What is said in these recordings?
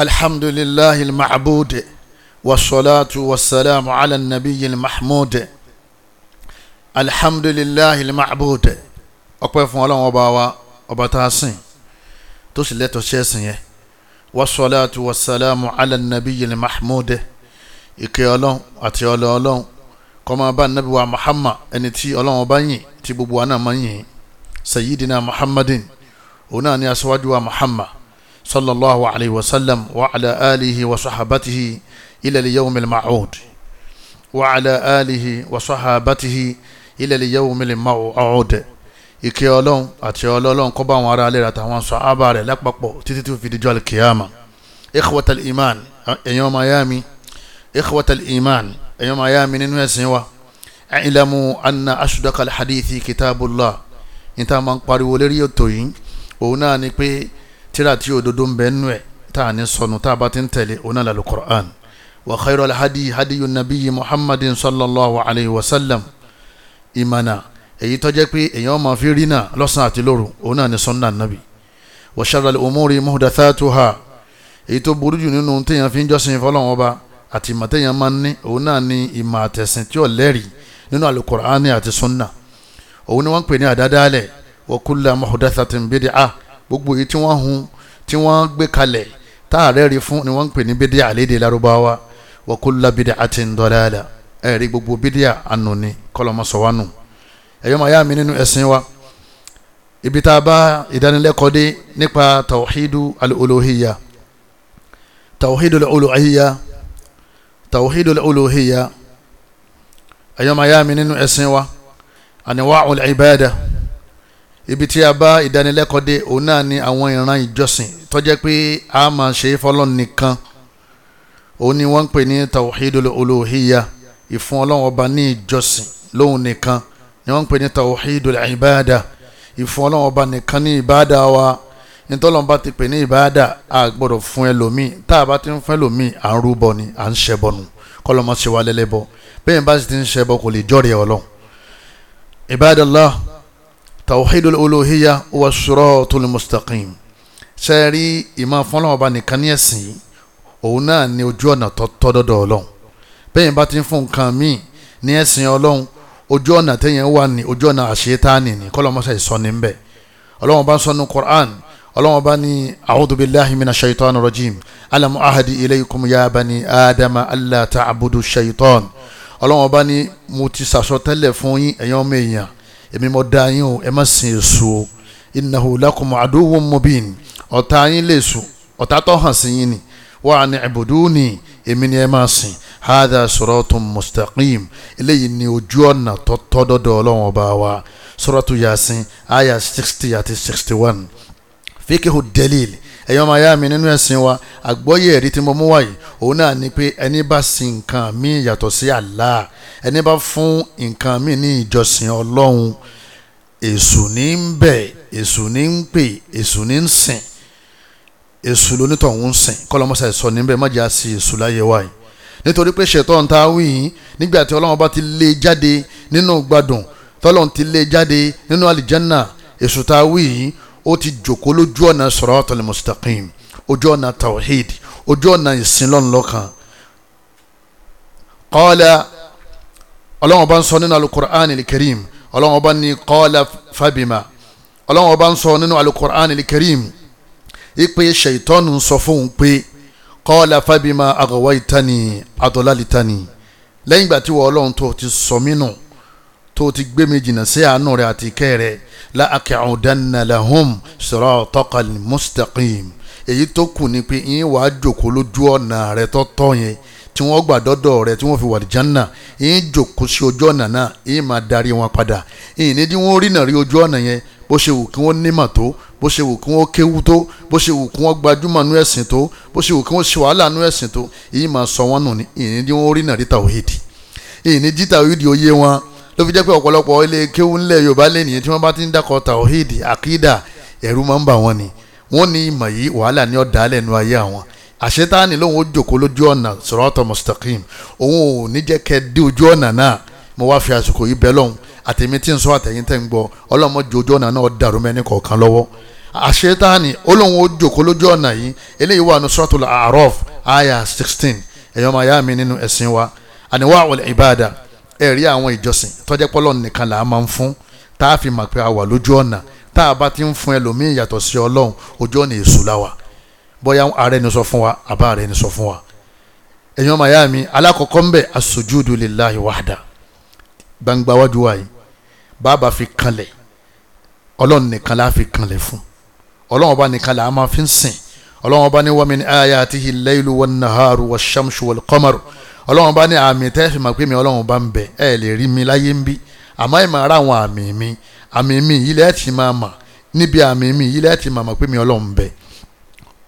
الحمد لله المعبود والصلاة والسلام على النبي المحمود الحمد لله المعبود ọpẹ́ fún Ọlọ́run ọba wa ọba tá a sìn tó sì lẹ́tọ̀ọ́ sí ẹ̀sìn yẹn والصلاة والسلام على النبي المحمود ìkẹ́ Ọlọ́run àti ọlọ Ọlọ́run kó máa bá nàbí wa Muhammad ẹni tí Ọlọ́run ọba yìn tí gbogbo wa náà máa yìn Sayyidina Muhammadin òun náà ni aṣáájú wa Muhammad صلى الله عليه وسلم وعلى آله وصحابته إلى اليوم المعود وعلى آله وصحابته إلى اليوم الموعود ìkẹ́ ọlọ́run àti ọlọ́run kó bá àwọn ará alẹ́ àtàwọn sàhábà rẹ̀ lápapọ̀ títí tí ó fi dijọ́ alikiyama ikhwatal iman ẹ̀yin ọmọ ayá mi ikhwatal iman ẹ̀yin ọmọ ayá mi nínú ẹ̀sìn wa ilamu anna asudakal hadithi kitabullah níta ń pariwo lérí ètò yìí òun náà ni pé tíra tí òdodo ń bẹ nú ẹ̀ tá a ní sọnù tá a bá ti ń tẹ̀lé òun náà lálẹ́ Qur'an wa khayru alhadi hadiyu nabiyyi muhammadin sallallahu alayhi wa sallam imana èyí tó jẹ́ pé èèyàn máa fi rí náà lọ́sàn àti lóru òun náà ní sunna nabi wa sharra al-umuri muhdathatuha èyí tó burú jù nínú téèyàn fi ń jọ́sìn fọlọ́wọ́n ọba àti ìmọ̀ téèyàn máa ní òun náà ní ìmọ̀ àtẹ̀sìn tí ò lẹ́rìí nínú alukur'ani àti sunna òun ni wọ́n pè ní àdádálẹ̀ wa kulla muhdathatin bid'ah gbogbo èyí tí wọ́n hun tí wọ́n gbé kalẹ̀ tá a rẹ́ẹ̀rí fún ni wọ́n ń pè ní bídíà lédè Lárúbáwá wa kullu bid'atin dalala ẹ̀rí gbogbo bídíà ànú ni kọlọmọsọ̀wánù ẹ̀yọ́ yá mi nínú ẹ̀sìn wa ibi tá a bá ìdánilẹ́kọ̀ọ́ nípa tawhidu al tawhidu al tawhidu al-uluhiyya ẹ̀yọ́ yá mi nínú ẹ̀sìn wa anwa'ul ibada ibi tí a bá ìdánilẹ́kọ̀ọ́ dé òun náà ni àwọn ìran ìjọsìn tó pé a máa ṣe é fọlọ́n nìkan òun ni wọ́n ń pè ní tawhidul uluhiyya ìfún ọlọ́run ọba ní ìjọsìn lóhun nìkan ni wọ́n ń pè ní tawhidul ibada ìfún ọlọ́run ọba nìkan ní ìbáda wa nítọ́lọ́n bá ti pè ní ìbáda a gbọ́dọ̀ fún ẹlòmíì tá a bá ti ń fún ẹlòmíì à ń rúbọ ni à ń ṣẹbọ nù kọ́lọ́mọ ṣe wá lẹ́lẹ́bọ bẹ́ẹ̀ bá sì ti ń ṣẹbọ kò lè jọ́rìí ọlọ́run ibadallah tawhidul uluhiyya wa siratul mustaqim sẹ́ẹ̀rí ìmọ̀ fọlọ́wọ́n ọba nìkan ní ẹ̀sìn òun náà ni ojú ọ̀nà tọ́ dọ́dọ̀ ọlọ́run bẹ́ẹ̀ bá ti ń fún nǹkan míì ní ẹ̀sìn ọlọ́run ojú ọ̀nà tẹ̀yẹ̀ wà ní ojú ọ̀nà àṣetáàní ní kọ́lọ́mọ́sá ìsọ̀ni ń bẹ̀ ọlọ́run bá ń sọnu Qur'an ọlọ́run bá ní a'udhu billahi shaitan rajim alam ahadi ilaykum ya bani adama alla ta'budu shaitan ọlọ́run bá ní mo ti sàsọtẹ́lẹ̀ fún yín ẹ̀yin ọmọ èèyàn èmi mo dá yín o ẹ má sin èso o innahu lakum aduwwun mubin ọ̀tá yín lè sùn ọ̀tá tó hàn sí yín ni wa an ibuduni èmi ni ẹ máa sìn hadha siratun mustaqim eléyìí ni ojú ọ̀nà tọ́tọ́dọ́dọ́ ọlọ́run ọba wa suratu yasin aya sixty àti sixty one fikihu delil ẹ̀yọ́ máa yá mi nínú ẹ̀sìn wa àgbọ́yé ẹ̀rí tí mo mú wá yìí òun náà ni pé ẹni bá sin nǹkan míì yàtọ̀ sí Allah ẹni bá fún nǹkan míì ní ìjọsìn ọlọ́run èṣù ní ń bẹ̀ èṣù ní ń pè èṣù ní ń sìn èṣù lónítọ̀hún ń sìn kọ́lọ́mọ́sà ẹ̀sọ́ níbẹ̀ má jẹ́ àṣì èṣù láyé wáyé nítorí pé ṣètọ́n tá a wí nígbà tí ọlọ́run bá ti lé e jáde nínú gbádùn tọ́lọ́run ti lé e jáde nínú àlìjánà èṣù tá a ó ti jòkó lójú ọ̀nà siratal mustaqim ojú ọ̀nà tawhid ojú ọ̀nà ìsinlọ́nlọ́kan qala ọlọ́wọ́n bá ń sọ nínú alukur'an alikarim ọlọ́wọ́n bá ní qala fabima ọlọ́wọ́n bá ń sọ nínú alukur'an alikarim ipe ṣèitọ́nù sọ fóun pé qala fabima aghwaytani adlaltani lẹ́yìn ìgbà tí wọ́n ọlọ́run tó ti sọ mí nù tó ti gbé mi jìnnà sí àánú rẹ àti ìkẹ́ rẹ la aq'udanna lahum siratakal mustaqim èyí tó kù ni pé yín wàá jòkó lójú ọ̀nà rẹ tọ́tọ́ yẹn tí wọ́n gbà dọ́dọ̀ rẹ tí wọ́n fi wà jánà yín jòkó sí ojú ọ̀nà náà yín máa darí wọn padà yín ní tí wọ́n rí náà rí ojú ọ̀nà yẹn bó ṣe wù kí wọ́n nímọ̀ tó bó ṣe wù kí wọ́n kéwú tó bó ṣe wù kí wọ́n gbajúmọ̀ nú ẹ̀sìn tó bó ṣe wù kí wọ́n ṣe wàhálà nú ẹ̀sìn tó yín máa sọ wọn nù ní yín ní tí wọ́n rí náà rí tàwíìdì yín ní jí tàwíìdì ó wọn ló fi jẹ́ pé ọ̀pọ̀lọpọ̀ ilé kéwú ńlẹ̀ yorùbá lé nìyẹn tí wọ́n bá ti ń dákọ̀ tawhid akida ẹ̀rú máa ń bà wọ́n ni wọ́n ní ìmọ̀ yìí wàhálà ní ọ̀dà alẹ́ nu ayé àwọn àṣetáni lòun ó jòkó lójú ọ̀nà sirata mustaqim òun ò ní jẹ́ kẹ́ dé ojú ọ̀nà náà mo wá fi àsìkò yìí bẹ́ lọ́hùn àtẹ̀mí tí ń sọ àtẹ̀yìn tẹ̀ ń gbọ́ ọlọ́mọdé ojú ọ̀nà náà dàrú mẹ́ni kọ̀ọ̀kan lọ́wọ́ àṣetáni olóhùn ó jòkó lójú ọ̀nà yìí eléyìí wà ní suratul A'raf aya sixteen ẹ̀yọ́ máa yá mi nínú ẹ̀sìn wa àníwá wal ibada ẹ̀rí àwọn ìjọsìn tọ́jẹ́ pọ́lọ́ nìkan là á máa ń fún tá a fi mọ̀ pé a wà lójú ọ̀nà tá a bá ti ń fún ẹlòmíì yàtọ̀ sí ọlọ́run ojú ọ̀nà èṣù láwà bóyá ààrẹ ni sọ fún wa àbá ààrẹ ni sọ fún wa ẹ̀yin ọmọ ìyá mi alákọ̀ọ́kọ́ ń bẹ̀ as-sujudu lillahi wahda gbangba wájú wa yìí bàbá fi kanlẹ̀ ọlọ́run nìkan la fi kanlẹ̀ fún ọlọ́run ọba nìkan la máa fi sìn ọlọ́run ọba ní wa min ayatihi al-laylu wan-naharu wash-shamsu wal-qamaru ọlọ́run ọba ní àmì tẹ́ fi máa pé mi ọlọ́run ọba ń bẹ ẹ lè rí mi láyé ń bí àmọ́ ẹ̀ máa àwọn àmì mi àmì mi ilẹ̀ ti máa mà níbi àmì mi ilẹ̀ ti máa mà pé mi ọlọ́run ń bẹ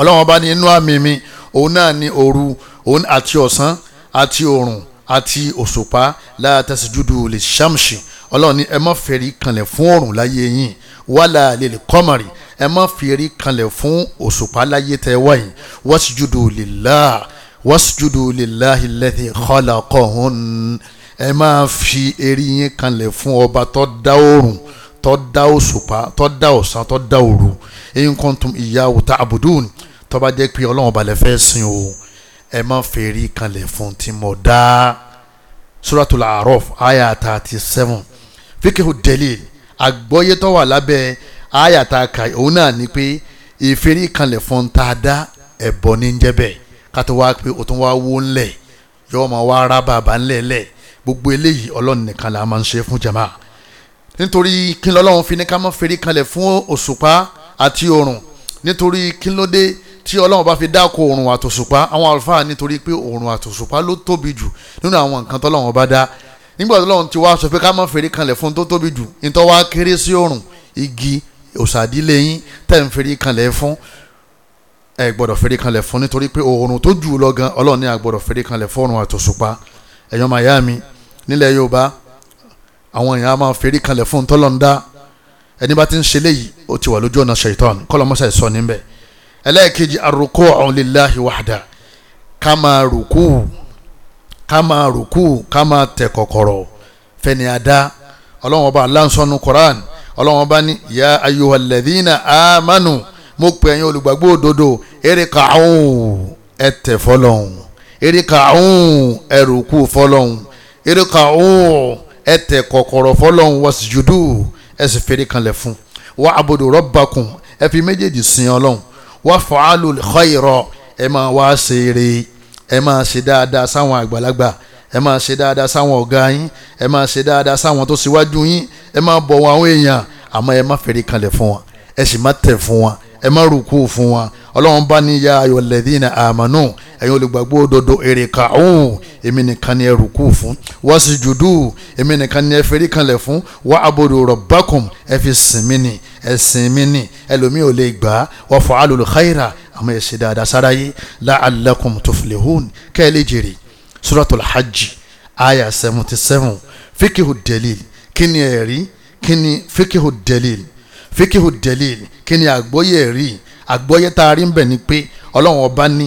ọlọ́run ní inú àmì mi òun náà ní òru òun àti ọ̀sán àti òrùn àti òṣùpá la tasjudu ẹ má fi erí kanlẹ̀ fún òṣùpá láyé tẹ wáyé wasjudu lillah wasjudu lillahi alladhi khalaqahun ẹ máa fi erí yín kanlẹ̀ fún ọba tó dá oòrùn tó dá òṣùpá tó dá ọ̀sán tó dá òru in kuntum iyyahu ta'budun tó bá jẹ́ pé ọlọ́run balẹ̀ fẹ́ sìn o ẹ má fi kanlẹ̀ fún tí mo dá suratul a'raf aya thirty seven fíkẹ́hù dalil àgbọ́yé wà lábẹ́ àyà tá a kà òun náà ni pé ìfẹ́rí kanlẹ̀ fún tá a dá ẹ̀bọ ní jẹ́ bẹ́ẹ̀ wá pé o tún wá wó ńlẹ̀ yọ ọmọ wa ara bàbá ńlẹ̀ lẹ̀ gbogbo eléyìí ọlọ́run nìkan la máa ń ṣe fún jama nítorí kí lọ́lọ́run fi ní ká má fẹ́rí kanlẹ̀ fún òṣùpá àti òrùn nítorí kí ló dé tí ọlọ́run bá fi dáko òrùn àtòṣùpá àwọn àlùfáà nítorí pé òrùn àtòṣùpá ló tóbi jù nínú àwọn nǹkan tọ́lọ́run bá dá nígbà tọ́lọ́run ti wá sọ pé ká má fèrè kanlẹ̀ fún tó tóbi jù nítorí kéré sí òrùn igi òsàdílé yín tẹ́ ń fèrè kanlẹ̀ fún ẹ gbọ́dọ̀ fèrè kanlẹ̀ fún nítorí pé oòrùn tó jù lọ gan ọlọ́ọ̀ni a gbọ́dọ̀ fèrè kanlẹ̀ fọ́ọ̀rùn àtòṣùpá ẹ̀yọ́ màyá mi nílẹ̀ Yorùbá àwọn èèyàn a máa fèrè kanlẹ̀ fún tọ́lọ́ńdá ẹni bá ti ń ṣe léyìí ó ti wà lójú ọ̀nà ṣaitan kọ́lọ́mọ́sà ìsọ níbẹ̀ ẹlẹ́ẹ̀kejì arúkú lillahi wahda ká Qur'an ọlọ́wọ́n bá ní ya ayyuhalladhina amanu mo pè ẹ̀yin olùgbàgbọ́ òdodo eré kàún ẹ tẹ̀ fọlọ́hún eré kàún ẹ rùkú fọlọ́hún eré kàún ẹ tẹ̀ kọ̀kọ̀rọ̀ fọlọ́hún wasjudu ẹ sì fèrè kanlẹ̀ fún wa abudu rabbakum ẹ fi méjèèjì sìn ọlọ́hún wa fa'alul khayra ẹ máa wá ṣe ẹ máa ṣe dáadáa sáwọn àgbàlagbà ẹ máa ṣe dáadáa sáwọn ọ̀gá yín ẹ máa ṣe dáadáa sáwọn tó ṣíwájú yín ẹ máa bọ̀wọ̀ àwọn èèyàn àmọ́ ẹ má fèrè kanlẹ̀ fún wọn ẹ sì má tẹ̀ fún wọn ẹ má rúkú fún wọn ọlọ́run bá ní ya ayọ̀ lẹ́dínà àmánù ẹ̀yin olùgbàgbọ́ òdodo èrè kàún èmi nìkan ni ẹ rúkú fún wá sí jùdú èmi nìkan ni ẹ fèrè kanlẹ̀ fún wá abudu rabbakum ẹ fi sìn ni ẹ sìn ni ẹlòmíì ò lè gbà wá fa'alul khaira àmọ́ ẹ ṣe dáadáa sáráyé la'allakum tuflihun kẹ́ ẹ lè jèrè suratul hajj aya seventy seven fikihu delil kíni ẹ̀rí kíni fikihu delil fikihu delil kíni àgbọ́yé ẹ̀rí àgbọ́yé tá a rí ń bẹ̀ ni pé ọlọ́run ọba ní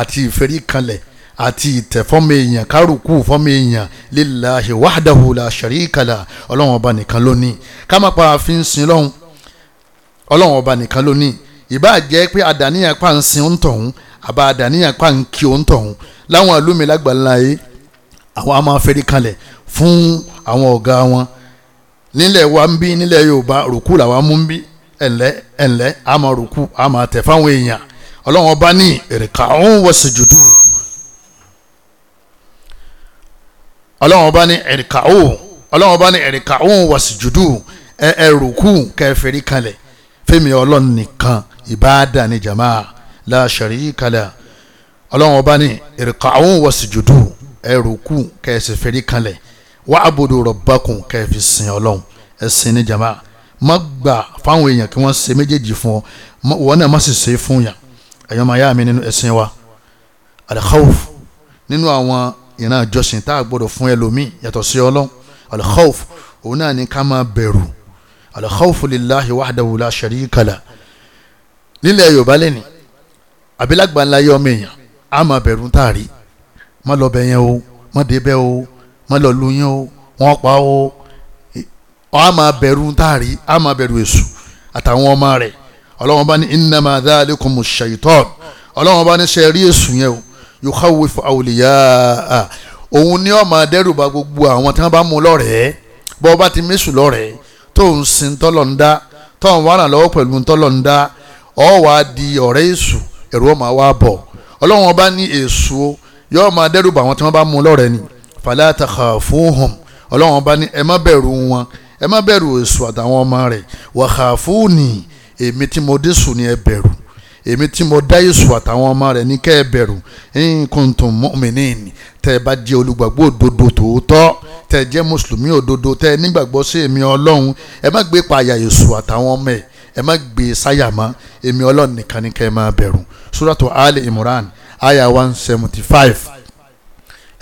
àti ìfẹ́rí kanlẹ̀ àti ìtẹ̀ fọ́mọ èèyàn kárùkù fọ́mọ èèyàn lillahi wahdahu la sharika la ọlọ́run ọba nìkan lónìí ká má pa àfin sin lọ́hùn ọlọ́run ọba nìkan lónìí ìbá jẹ́ pé àdáníyàn pa ń sin ń tọ̀hún àbá àdàníyàn pàǹkì òǹtọ̀hún láwọn àlùmí lágbàlá yìí àwọn a máa fẹ́rí kalẹ̀ fún àwọn ọ̀gá wọn nílẹ̀ wa ń bí nílẹ̀ Yorùbá rùkú làwa mú ń bí ẹ̀ǹlẹ́ ẹ̀ǹlẹ́ a máa rùkú a máa tẹ̀ fáwọn èèyàn ọlọ́wọ́n bá ní èrèkà òun wọ sùjúdù ọlọ́wọ́n bá ní èrèkà òun ọlọ́wọ́n bá ní èrèkà òun wọ sùjúdù ẹ̀ kẹfẹ́rí kalẹ̀ fẹ́mi ọlọ́run nìkan ìbáàdà ni jamaa la sharika la ọlọ́run ọba ní irqa'u wasjudu ẹ̀rùkù kẹ̀sì fèrè kanlẹ̀ wa'budu rabbakum kẹ̀fì sìn ọlọ́run ẹ̀sìn ní jama má gbà fáwọn èèyàn kí wọ́n ṣe méjèèjì fún ọ wọn náà má sì ṣe fún yàn ẹ̀yọ́ máa yá mi nínú ẹ̀sìn wa al-khawf nínú àwọn ìran àjọsìn tá a gbọ́dọ̀ fún ẹlòmíì yàtọ̀ sí ọlọ́run al òun náà ní ká máa bẹ̀rù al-khawfu lillahi wahdahu la sharika nílẹ̀ yorùbá lẹ́nìí àbílágbà ńlá yọ ọmọ èèyàn á máa bẹ̀rù ń tàrí má lọ bẹ̀ yẹn o má dé bẹ́ o má lọ lu yẹn o wọ́n pa o á máa bẹ̀rù ń tàrí á máa bẹ̀rù èṣù àtàwọn ọmọ rẹ̀ ọlọ́wọ́n bá ní innama dhalikum shaitan ọlọ́wọ́n bá ní ṣe rí èṣù yẹn o yukhawwifu awliyaa òun ni ó máa dẹ́rù gbogbo àwọn tí wọ́n bá mú lọ́rẹ̀ẹ́ bọ́ bá ti méṣù lọ́rẹ̀ẹ́ tó sin tọ́lọ̀ ń dá tó ń ràn lọ́wọ́ pẹ̀lú tọ́lọ̀ ń dá ó wá di ọ̀rẹ́ èṣù ẹ̀rù ọmọ wa bọ̀ ọlọ́run ọba ní èso yóò máa dẹ́rùbà àwọn tí wọ́n bá mú lọ́rẹ̀ ni fala takhafuhum ọlọ́run ọba ní ẹ má bẹ̀rù wọn ẹ má bẹ̀rù èso àtàwọn ọmọ rẹ̀ wa khafuni èmi tí mo dé sùn ni ẹ bẹ̀rù èmi tí mo dá Jésù àtàwọn ọmọ rẹ̀ ní kẹ́ ẹ bẹ̀rù in kuntum mu'minin tẹ́ ẹ bá jẹ́ olùgbàgbọ́ òdodo tòótọ́ tẹ́ ẹ jẹ́ mùsùlùmí òdodo tẹ́ ẹ sí èmi Ọlọ́run ẹ má gbé payà Jésù àtàwọn ọmọ ẹ̀ ẹ má gbé e sáyà mọ́ èmi Ọlọ́run nìkan ní kẹ́ máa bẹ̀rù suratu Ali Imran aya one seventy five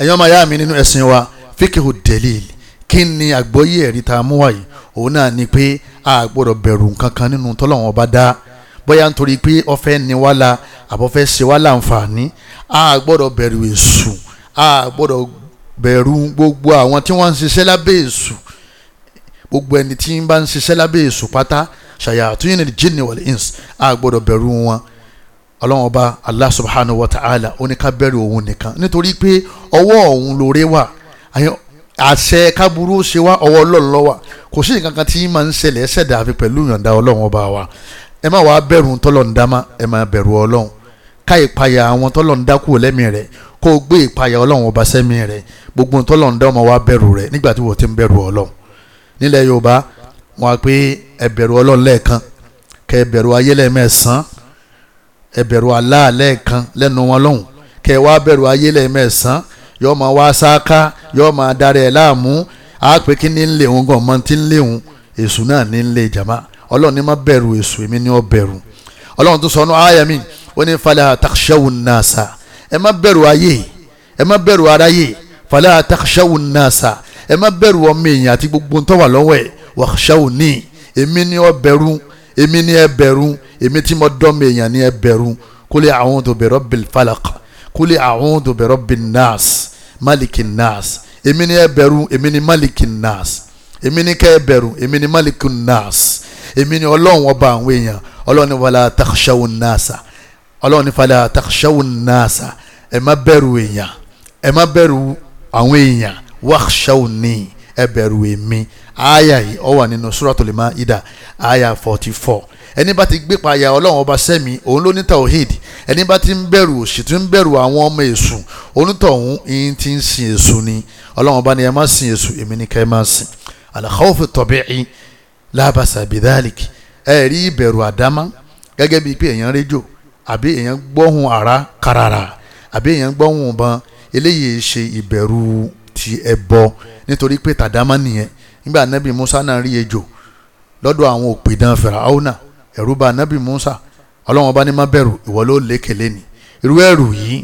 ẹ̀yọ́ máa yá mi nínú ẹ̀sìn wa fíkìhù dẹ́líìlì kí ni àgbọ́yé ẹ̀rí tá a mú wáyé òun náà ni pé a bẹ̀rù nǹkan kan nínú tọ́lọ́wọ́n ọba dá bóyá nítorí pé ọfẹ́ ni wá la àbọ̀fẹ́ ṣe wá láǹfààní a gbọ́dọ̀ bẹ̀rù èṣù a gbọ́dọ̀ bẹ̀rù gbogbo àwọn tí wọ́n ń ṣiṣẹ́ lábẹ́ èṣù gbogbo ẹni tí ń ń ṣiṣẹ́ lábẹ́ èṣù pátá ṣàyàtúnyìn ní jinni wal ins a gbọ́dọ̀ bẹ̀rù wọn ọlọ́wọ́n ọba allah subhanahu wa ta'ala ó ní ká bẹ̀rù òun nìkan nítorí pé ọwọ́ òun lóore wà àṣẹ kábúrú ṣe wá ọwọ́ ọlọ́run ló wà kò sí nǹkan kan tí máa ń ṣẹlẹ̀ ṣẹ̀dá àfi pẹ̀lú ìyọ̀ǹda ọlọ́run ọba wa ẹ má wàá bẹ̀rù tọ́lọ̀ ń dá má ẹ má bẹ̀rù ọlọ́run ká ìpayà àwọn tọ́lọ̀ ń dá kúrò lẹ́mìí rẹ kó o gbé ìpayà ọlọ́run ọba sẹ́mi rẹ gbogbo tọ́lọ̀ ń dá ọmọ wa bẹ̀rù rẹ nígbà tí wọ́n ti ń bẹ̀rù ọlọ́run nílẹ̀ yorùbá wọn á pé ẹ ọlọ́run lẹ́ẹ̀kan kẹ ẹ bẹ̀rù ayé lẹ́ẹ̀mẹ́sàn ẹ bẹ̀rù lẹ́nu wọn lọ́hùn kẹ wá bẹ̀rù ayé lẹ́ẹ̀mẹ́sàn yóò máa wá sáká yóò máa darẹ̀ láàmú àá pé kí ni ń lé òun gan mọ́ ti ń lé òun èṣù náà ni ń lé jàmáà ọlọ́run ní má bẹ̀rù èṣù èmi ní ọ bẹ̀rù ọlọ́run tó sọ ọ́nà àyà mi ó ní fala takshawu nasa ẹ má bẹ̀rù ayé ẹ má bẹ̀rù aráyé fala takshawu nasa ẹ má bẹ̀rù ọmọ èèyàn àti gbogbo tó wà lọ́wọ́ ẹ̀ wakshawu ní èmi ní ọ bẹ̀rù èmi ní ẹ bẹ̀rù èmi tí mo dọ́mọ èèyàn ní ẹ bẹ̀rù kuli a'udhu bi rabbil falaq kuli a'udhu bi rabbin nas malikin nas èmi ní ẹ èmi ní kẹ́ ẹ bẹ̀rù èmi ní malikin nas èmi ni ọlọ́run ọba àwọn èèyàn ọlọ́run ní fala takhshawun nasa ọlọ́run ní fala takhshawun nasa ẹ má bẹ̀rù èèyàn ẹ má bẹ̀rù àwọn èèyàn wakhshawni ẹ bẹ̀rù èmi àyà yìí ó wà nínú suratul maida àyà forty four ẹni bá ti gbé payà ọlọ́run ọba sẹ́mi òun ló ní tawhid ẹni bá ti ń bẹ̀rù òsì tó ń bẹ̀rù àwọn ọmọ èṣù onítọ̀hún ìyín ti ń sin èṣù ni ọlọ́run ọba ni ẹ má sin èṣù èmi ni ká ẹ má sin al khawfu tabi'i lábàṣà bìdálìkì ẹ rí ìbẹ̀rù àdámá gẹ́gẹ́ bíi pé èèyàn rédíò àbí èèyàn gbọ́hùn ara karara àbí èèyàn gbọ́hùn ọ̀bọ̀n eléyìí e ṣe ìbẹ̀rù ti ẹbọ nítorí pé tàdámá nìyẹn nígbà nábì Musa náà rí ejò lọ́dọ̀ àwọn òpìdán Fáráò ẹ̀rù bà nábì Musa ọlọ́run ọba ní má bẹ̀rù ìwọ ló lékele ni irú ẹ̀rù yìí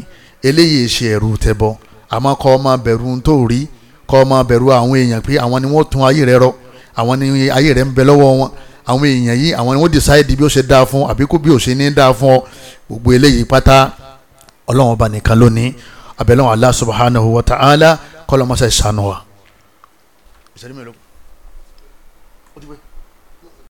eléyìí e ṣe ẹ̀rù tẹbọ àmọ́ kọ́ ọ máa bẹ̀rù tó kọ́ ọ máa bẹ̀rù àwọn èèyàn pé àwọn ni wọ́n tún ayé rẹ rọ́ àwọn ni ayé rẹ̀ ń bẹ lọ́wọ́ wọn àwọn èèyàn yìí àwọn ni wọ́n decide bí ó ṣe dáa fún àbí kó bí ó ṣe ní dáa fún ọ gbogbo eléyìí pátá ọlọ́run ọba nìkan lónìí abẹ́lẹ́wọ̀n Allah subhanahu wa ta'ala kọ́lọ́mọṣẹ́ ìṣànú wa. ìṣẹ́lẹ̀ mélòó